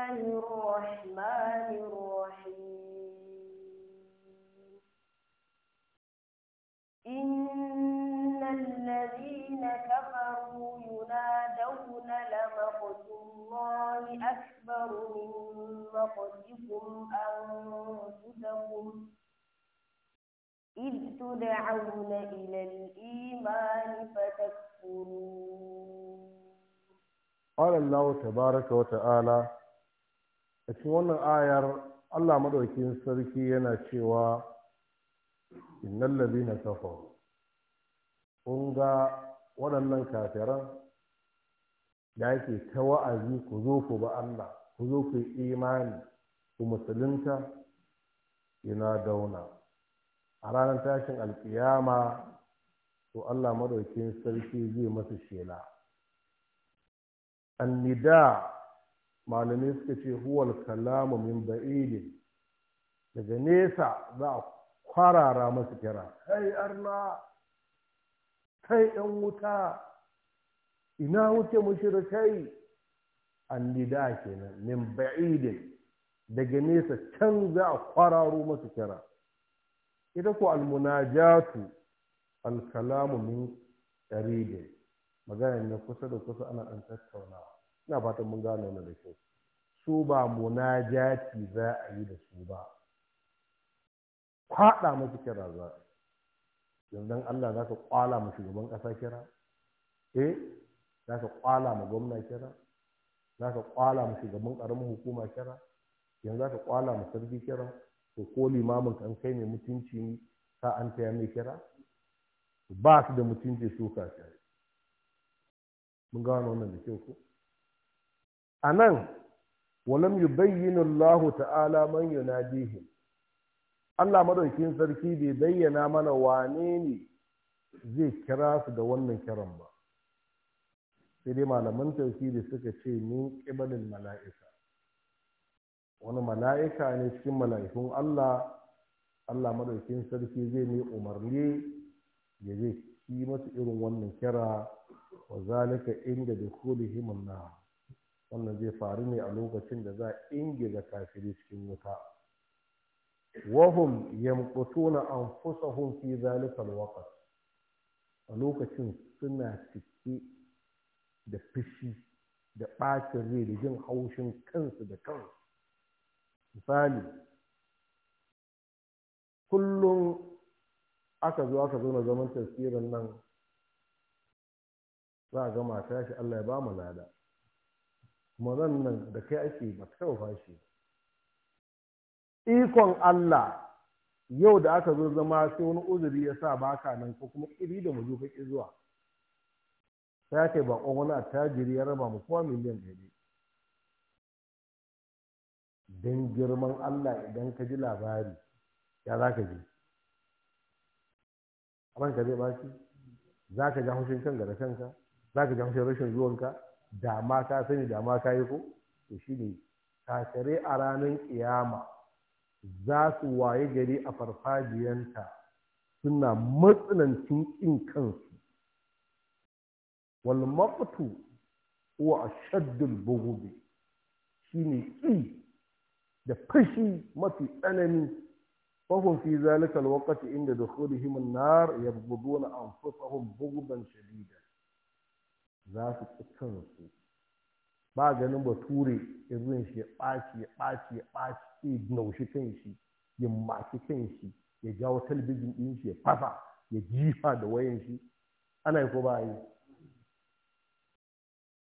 أكبر من مقتكم أنفسكم إذ تدعون إلى الإيمان فتكفرون قال الله تبارك وتعالى cikin wannan ayar Allah madaukin sarki yana cewa innal ladina kafaru kun waɗannan kafiran da ake ta wa'azi ku zo ku ba Allah ku zo ku imani ku musulunta ina dauna a ranar tashin alƙiyama, to Allah madaukin sarki zai masa shela annida malamai suka ce huwal kalamu min ba'idi daga nesa za a kwarara masu kira kai arna kai yan wuta ina wuce mushrikai annida kenan min ba'idin daga nesa can za a kwararo masu kira ita ko almunajatu alkalamu min qaribin magana ne kusa da kusa ana an tattaunawa ina fatan mun gano wannan da kyau su ba munajati za a yi da su ba kwaɗa masu kira za a yanzu Allah za ka kwala mu shugaban ƙasa kira eh za ka kwala ma gwamna kira za ka kwala ma shugaban ƙaramin hukuma kira yanzu za ka kwala ma sarki kira to ko limamin kan kai mai mutunci sa an taya mai kira ba su da mutunci su mun gano wannan da kyau ko a walam yubayyin Allah ta'ala man yunadihi Allah madaukin sarki bai bayyana mana wane ne zai kira su da wannan kiran ba sai dai malaman tafsiri suka ce min ƙibalin mala'ika wani mala'ika ne cikin mala'ikun Allah Allah madaukin sarki zai ne umarni ya zai yi masa irin wannan kira wa zalika inda da kulihim na wannan zai faru ne a lokacin da za a ingiza kafiri cikin wuta wahum yamqutuna anfusahum fi zalika alwaqt a lokacin suna cike da fushi da ɓacin rai da jin haushin kansu da kansu misali kullum aka zo aka zo na zaman tasirin nan za a gama tashi Allah ya ba mu lada kuma zan nan da kai ake ba ta kawo fashi ikon Allah yau da aka zo zama sai wani uzuri ya sa baka nan ko kuma iri da mu zo kake zuwa sai aka yi bakon wani attajiri ya raba mu kowa miliyan ɗari don girman allah idan ka ji labari ya za ka ji ka zai baki za ka ja haushin kanka da kanka za ka ja rashin zuwanka da ma ka sani da ma ka yi ko to shi ne kafirai a ranar kiyama, za su waye gari a farfajiyanta suna matsanancin ƙin kansu wal maqtu huwa ashaddul shi ne ƙi da fashi mafi tsanani فهم في ذلك الوقت عند دخولهم النار يبغضون أنفسهم بغضا شديدا za su cikin su ba ganin bature irin shi ya ɓaci ya ɓaci ya ɓaci ya naushi kan shi ya maki kan shi ya jawo talbijin ɗin shi ya fasa ya jifa da wayan shi ana yi ko ba yi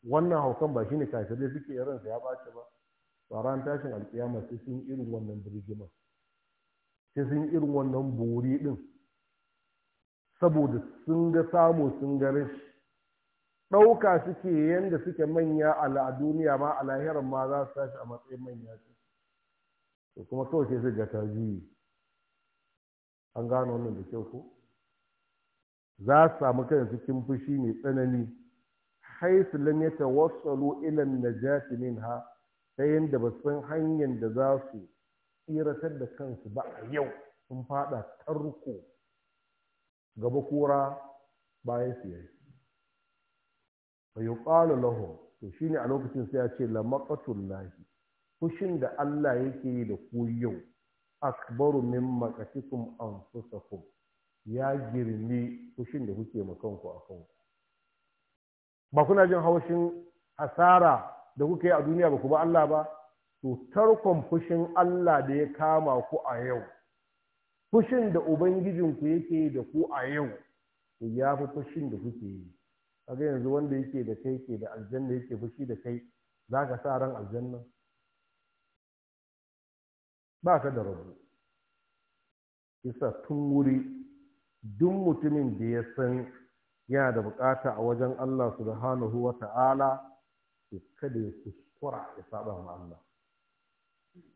wannan haukan ba shine kafirai suke sa ya ɓace ba ba ran tashin alkiyama sai sun irin wannan birgima sai sun irin wannan bori din saboda sun ga samu sun ga rashi ɗauka suke yadda suke manya a duniya ma a lahirar ma za su tashi a matsayin manya su to kuma kawai sai su ga ta an gano wannan da kyau ko za su samu kansu cikin fushi mai tsanani haisu lam yatawassalu ilan na najati minha ta yadda ba san hanyar da za su tsiratar da kansu ba a yau sun fada tarko gaba kura bayan su yi fa yuqalu lahum to shine a lokacin sai ya ce la maqatul lahi fushin da Allah yake yi da ku yau akbaru min maqatikum anfusakum ya girmi fushin da kuke ma kanku a kanku ba kuna jin haushin asara da kuka yi a duniya ba ku ba Allah ba to tarkon fushin Allah da ya kama ku a yau fushin da Ubangijin ku yake da ku a yau ya fi fushin da kuke yi kaga yanzu wanda yake da kai ke da aljanna yake fushi da kai za ka sa ran aljanna ba ka da rabu isa tun wuri duk mutumin da ya san yana da bukata a wajen Allah subhanahu wa ta'ala su kada ya kuskura ya saba ma Allah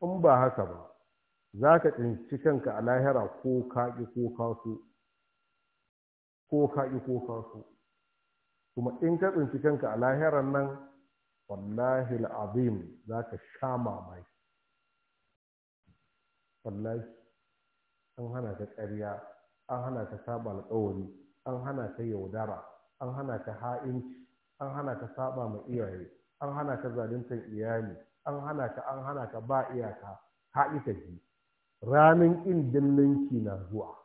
in ba haka ba za ka tsinci kanka a lahira ko kaƙi ko kasu, ko kaƙi ko kasu. kuma in ka tsinci kanka a lahiran nan wallahi al'azim za ka sha mamaki wallahi an hana ka ƙarya an hana ka saba alƙawari an hana ta yaudara an hana ta ha'inci an hana ta saba ma iyaye an hana ta zaluntar iyali an hana ta an hana ta ba iyaka haɗi ta ji ranin ƙin dillinki na zuwa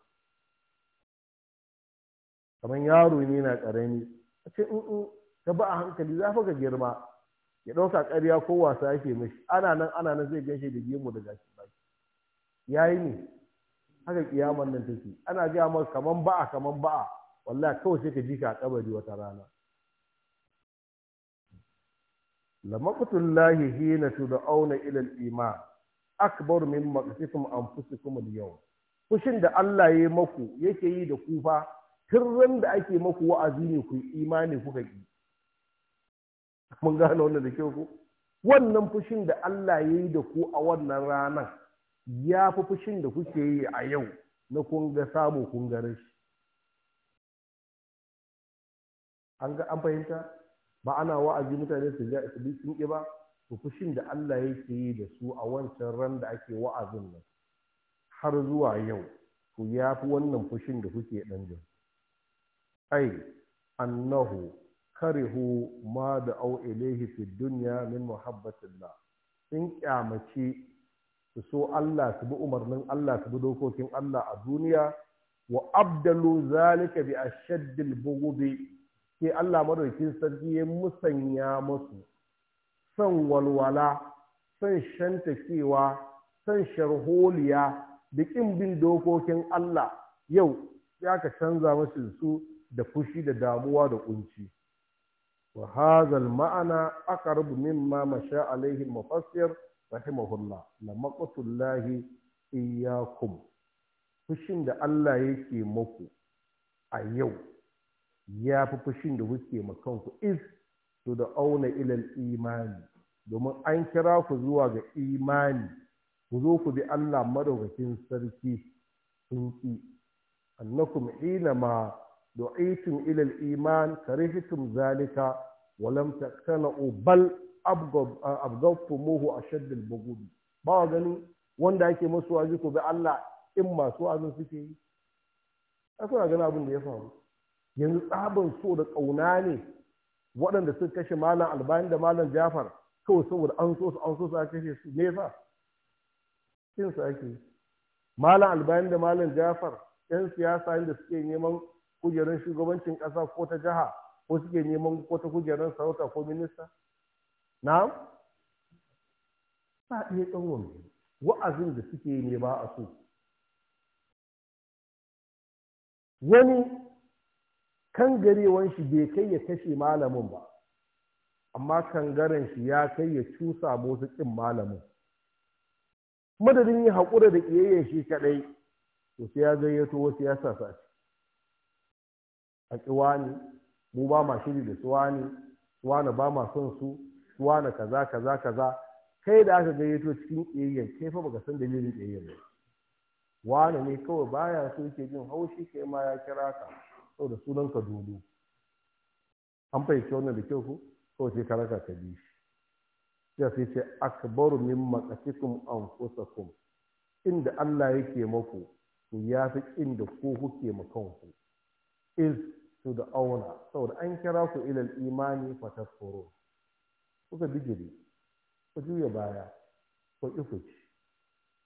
kamar yaro ne na ƙarami a ce in ka ba a hankali za ka girma ya ɗauka ƙarya ko wasa yake mishi ana nan ana nan zai gaishe da gemu da gashi baki yayi ne haka kiyaman nan take ana gaya kamar kaman ba'a kaman ba'a wallah kawai sai ka ji ka kabari wata rana lahi hina tud'auna ila al-iman akbar min maqtikum anfusikum al-yawm fushin da Allah ya maku yake yi da ku fa tirran da ake maku wa'azi ne ku imani kuka ki mun gane wannan da kyau ku wannan fushin da Allah ya yi da ku a wannan ranar ya fi fushin da kuke yi a yau na kun ga samu kun ga rashi an ga an fahimta ba ana wa'azi mutane su ga su bi sun ba to fushin da Allah yake yi da su a wancan ran da ake wa'azin nan har zuwa yau ku ya fi wannan fushin da kuke ɗan jin ai annahu karihu ma da au ilaihi fi dunya min muhabbatillah sun kyamace su so Allah su bi umarnin Allah su bi dokokin Allah a duniya wa abdalu zalika bi ashaddil bughdi ke Allah madaukin sarki ya musanya musu son walwala son shantakewa son sharholiya da kin bin dokokin Allah yau ya ka canza musu su da fushi da damuwa da kunci wa hazal ma'ana aqrab mimma masha alaihi mufassir rahimahullah lamaqtullahi iyyakum fushin da Allah yake muku a yau ya fi fushin da kuke ma kanku is to da auna ilal imani domin an kira ku zuwa ga imani ku zo ku bi Allah madaukakin sarki sun ki annakum ma du'itum ilal iman karihtum zalika wa lam taqtanu bal abghabtumuhu ashadd al bughd ba gani wanda yake masu waji ku bi Allah in masu wazin suke yi a suna ganin abin da ya faru yanzu tsabin so da ƙauna ne waɗanda sun kashe malam albani da malam jafar kawai saboda an so su an so su a kashe su nesa cin su ake malam albani da malam jafar yan siyasa inda suke neman kujerun shugabancin ƙasa ko ta jiha ko suke neman ko ta kujerun sarauta ko minista na'am ba ɗaya tsawon wa'azin da suke nema a so wani kan garewan shi bai kai ya kashe malamin ba amma kangaren shi ya kai ya cusa musu ƙin malamin madadin ya haƙura da ƙiyayyen shi kaɗai to sai ya gayyato wasu ya sa sa a ƙiwa mu ba ma shiri da suwa ne suwa ba ma son su suwa kaza kaza kaza kai da aka gayyato cikin ƙiyayyar kai fa baka san dalilin ƙiyayyen ba wani ne kawai baya so ke jin haushi kai ma ya kira ka saboda sunan ka dodo an fahimci wannan da kyau ko kawai sai ka raka ka bi shi ya sai ce akbaru min maqatikum anfusakum inda Allah yake maku to ya fi inda ku kuke ma ku. Is to the owner saboda an kira ku ilal imani fa tasfuru kuka bijiri ku juya baya ku ifuci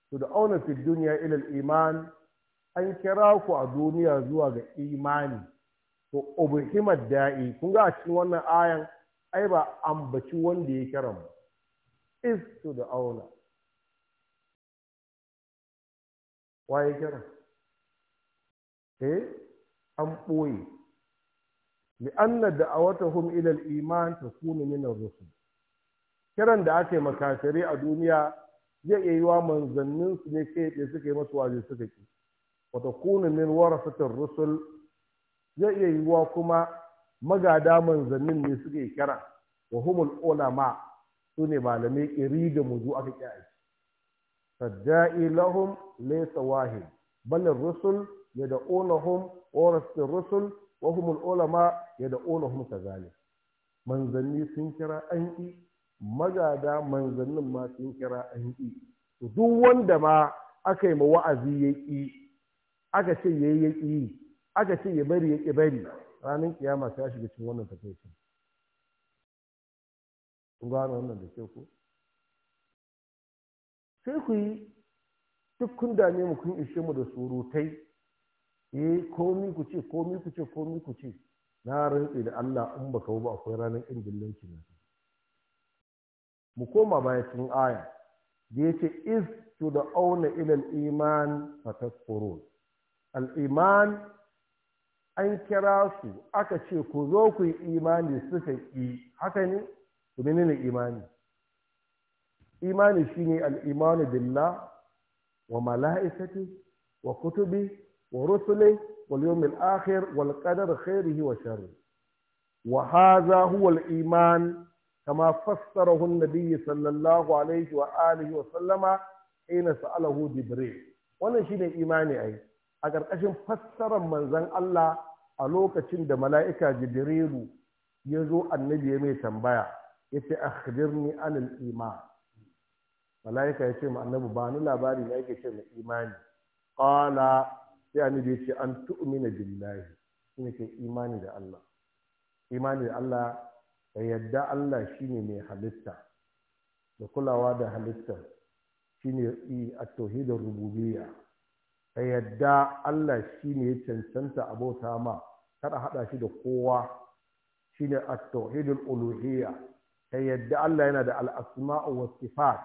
to da owner fi duniya ilal iman an kira ku a duniya zuwa ga imani to ubhimad da'i kun ga a cikin wannan ayan ai ba ambaci wanda ya kira mu is to the owner. wa ya kira eh an ɓoye anna da'awatuhum ila al-iman takunu min ar-rusul kiran da aka yi a duniya zai iya wa manzanninsu ne kai da suka yi masu waje suka ke. wata kuna min warasatar rusul zai iya yiwuwa kuma magada manzannin ne suka yi kira wa humul ulama su ne malamai ƙiri da mudu aka rusul فالداعي لهم ليس واهب بل الرسل يدعونهم olama الرسل وهم العلماء يدعونهم كذلك manzanni sun kira an magada manzannin ma sun kira an duk wanda ma aka yi ma wa'azi ya ƙi aka ce ya yi ya ƙi aka ce ya bari ya ƙi bari ranar kiyama sai ya shiga cikin wannan tafiya kun gano wannan da ke ku sai ku yi duk kun dame mu kun ishe mu da surutai yi eh, komi ku ce komi ku ce komi ku ce na rantse da Allah in baka ba akwai ranar ƙin gillanci na mu koma baya cikin aya da ya ce is to the auna ilal iman fatakfurun al'iman an kira su aka ce ku zo ku yi imani suka yi haka ne ku ne imani imani shine al'imanu billah wa mala'ikati wa kutubi wa rusuli wa yawmil akhir wal qadar khairihi wa sharri wa huwa iman kama fassara an-nabiy sallallahu alaihi wa alihi wa sallama hina sa'alahu jibril wannan shine imani aiki. a ƙarƙashin fassarar manzan Allah a lokacin da mala'ika Jibrilu ya zo annabi ya mai tambaya ya ce akhbirni anil iman mala'ika ya ce ma annabi ba ni labari ya yake ce mai imani Ƙala, sai annabi ya ce an tu'mina billahi shine ke imani da Allah imani da Allah da yadda Allah shine mai halitta da kulawa da halittar shine a tauhidin rububiyya ka yadda Allah shi ne ya cancanta abota ma kada haɗa shi da kowa shi ne a tauhidul uluhiyya ka yadda Allah yana da al'asma'u wa sifat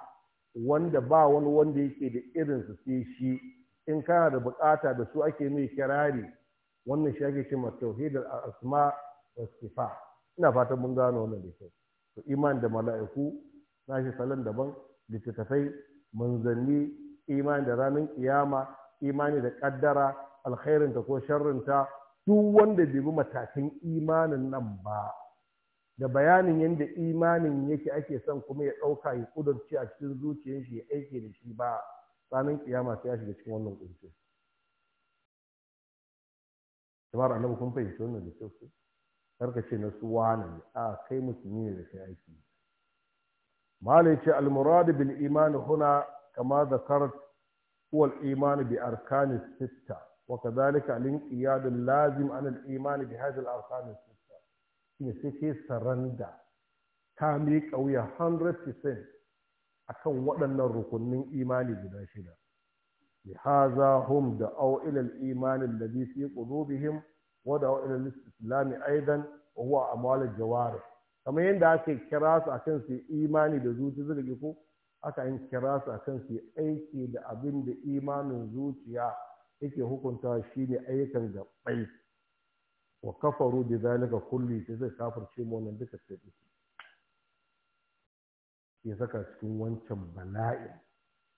wanda ba wani wanda yake da irin sai shi in kana da bukata da su ake mai kirari wannan shi ake cewa tauhidul asma wa sifat ina fatan mun gano wannan da kyau to iman da mala'iku shi salon daban littattafai manzanni iman da ranar kiyama imani da kaddara alkhairinta ko sharrinta duk wanda bai bi matakin imanin nan ba da bayanin yadda imanin yake ake son kuma ya ɗauka ya ƙudurci a cikin zuciyar shi ya aike da shi ba tsanin kiyama sai ya shiga cikin wannan ƙunci kamar annabi kun fahimci wannan da kyau su karka ce na su wani ne a kai musulmi ne da kai aiki malai ce almuradu bil imani huna kama zakarat huwa al-iman bi arkani sitta wa kadhalika al lazim an al-iman bi hadhihi al-arkan sai ke saranda ta mi kauya 100% akan waɗannan rukunin imani guda shida لهذا هم دعوا إلى الإيمان الذي في قلوبهم ودعوا إلى الاستسلام أيضا وهو أموال الجوارح kamar yadda ake kira su a kan su imani da zuci zirgi ko aka yin kira su kan su aiki da abin da imanin zuciya yake hukunta shine ayyukan gaɓai wa kafaru bi zalika kulli sai zai kafirce mu wannan duka sai ya saka cikin wancan bala'i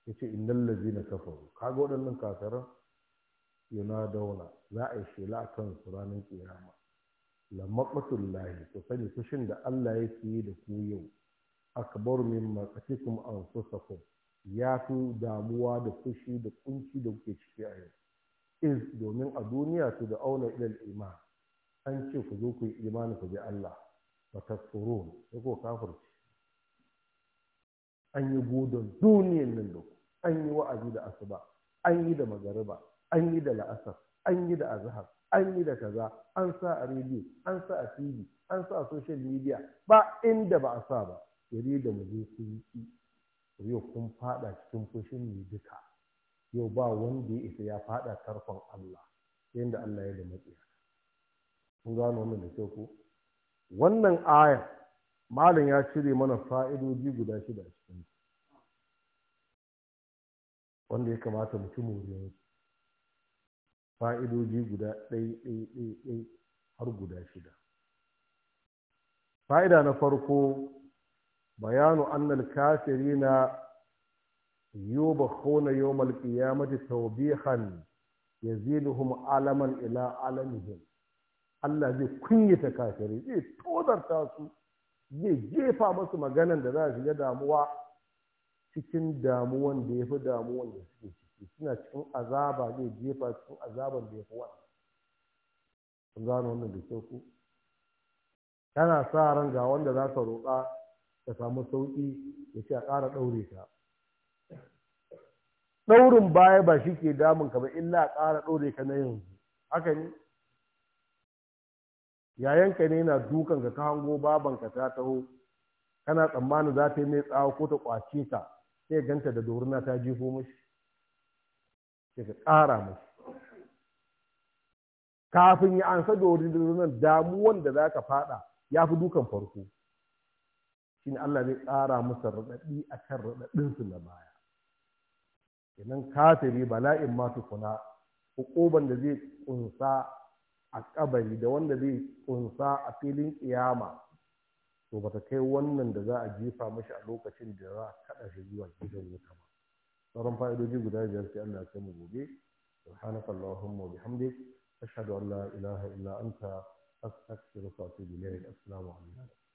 ya ce innal lazina kafaru kaga waɗannan kafiran yana dauna za a yi shela a kan su ranar kiyama lamma lahi ku sani fushin da Allah yake yi da ku yau akbar min maqatikum anfusakum ya fi damuwa da fushi da kunci da kuke ciki a yau iz domin a duniya su da auna ilal iman an ce ku zo ku yi imani ku bi Allah wa takfurun da ko kafirci an yi godon duniyan nan da an yi wa'azi da asuba an yi da magariba an yi da la'asar an yi da azhar an yi da kaza an sa a rediyo an sa a tv an sa a social media ba inda ba a sa ba iri da mu je yi ki yau kun fada cikin fushin ne duka yau ba wanda ya isa ya fada tarkon Allah yadda Allah ya da matsiya kun gano wannan da kyau ko wannan aya malam ya cire mana fa'idoji guda shida cikin wanda ya kamata mu ci moriyar fa'idoji guda ɗai ɗai ɗai ɗai har guda shida fa'ida na farko bayanu annal kafirina yubakhuna yawmal qiyamati tawbihan yaziduhum alaman ila alamihim Allah zai kunyata kafirai zai tozarta su zai jefa masu maganan da za su ga damuwa cikin damuwan da ya fi damuwan da suke ciki suna cikin azaba zai jefa cikin azaban da ya fi kun gano wannan da kyau ku tana sa ran ga wanda za ka roƙa ta samu sauki ya ce a ƙara ɗaure ta ɗaurin baya ba shi ke damun ka ba illa a ƙara ɗaure ka na yanzu haka ne ka ne na dukan ka hango babanka ta taho kana tsammanin za ta yi mai tsawo ko ta ƙwace ka sai ganta da dorina ta ko mashi sai ka ƙara mashi kafin ya ansa dorunan damuwan da za ka faɗa ya fi dukan farko shine Allah zai ƙara musu raɗaɗi a kan raɗaɗinsu na baya kenan kafiri bala'in ma tukuna hukuban da zai kunsa a kabari da wanda zai ƙunsa a filin ƙiyama to bata kai wannan da za a jefa mashi a lokacin da za a kada shi zuwa gidan wuta ba sauran fa'idoji guda biyar sai Allah ya mu gobe subhanaka allahumma wa bihamdik ashhadu an la ilaha illa anta astaghfiruka wa atubu ilayk assalamu alaikum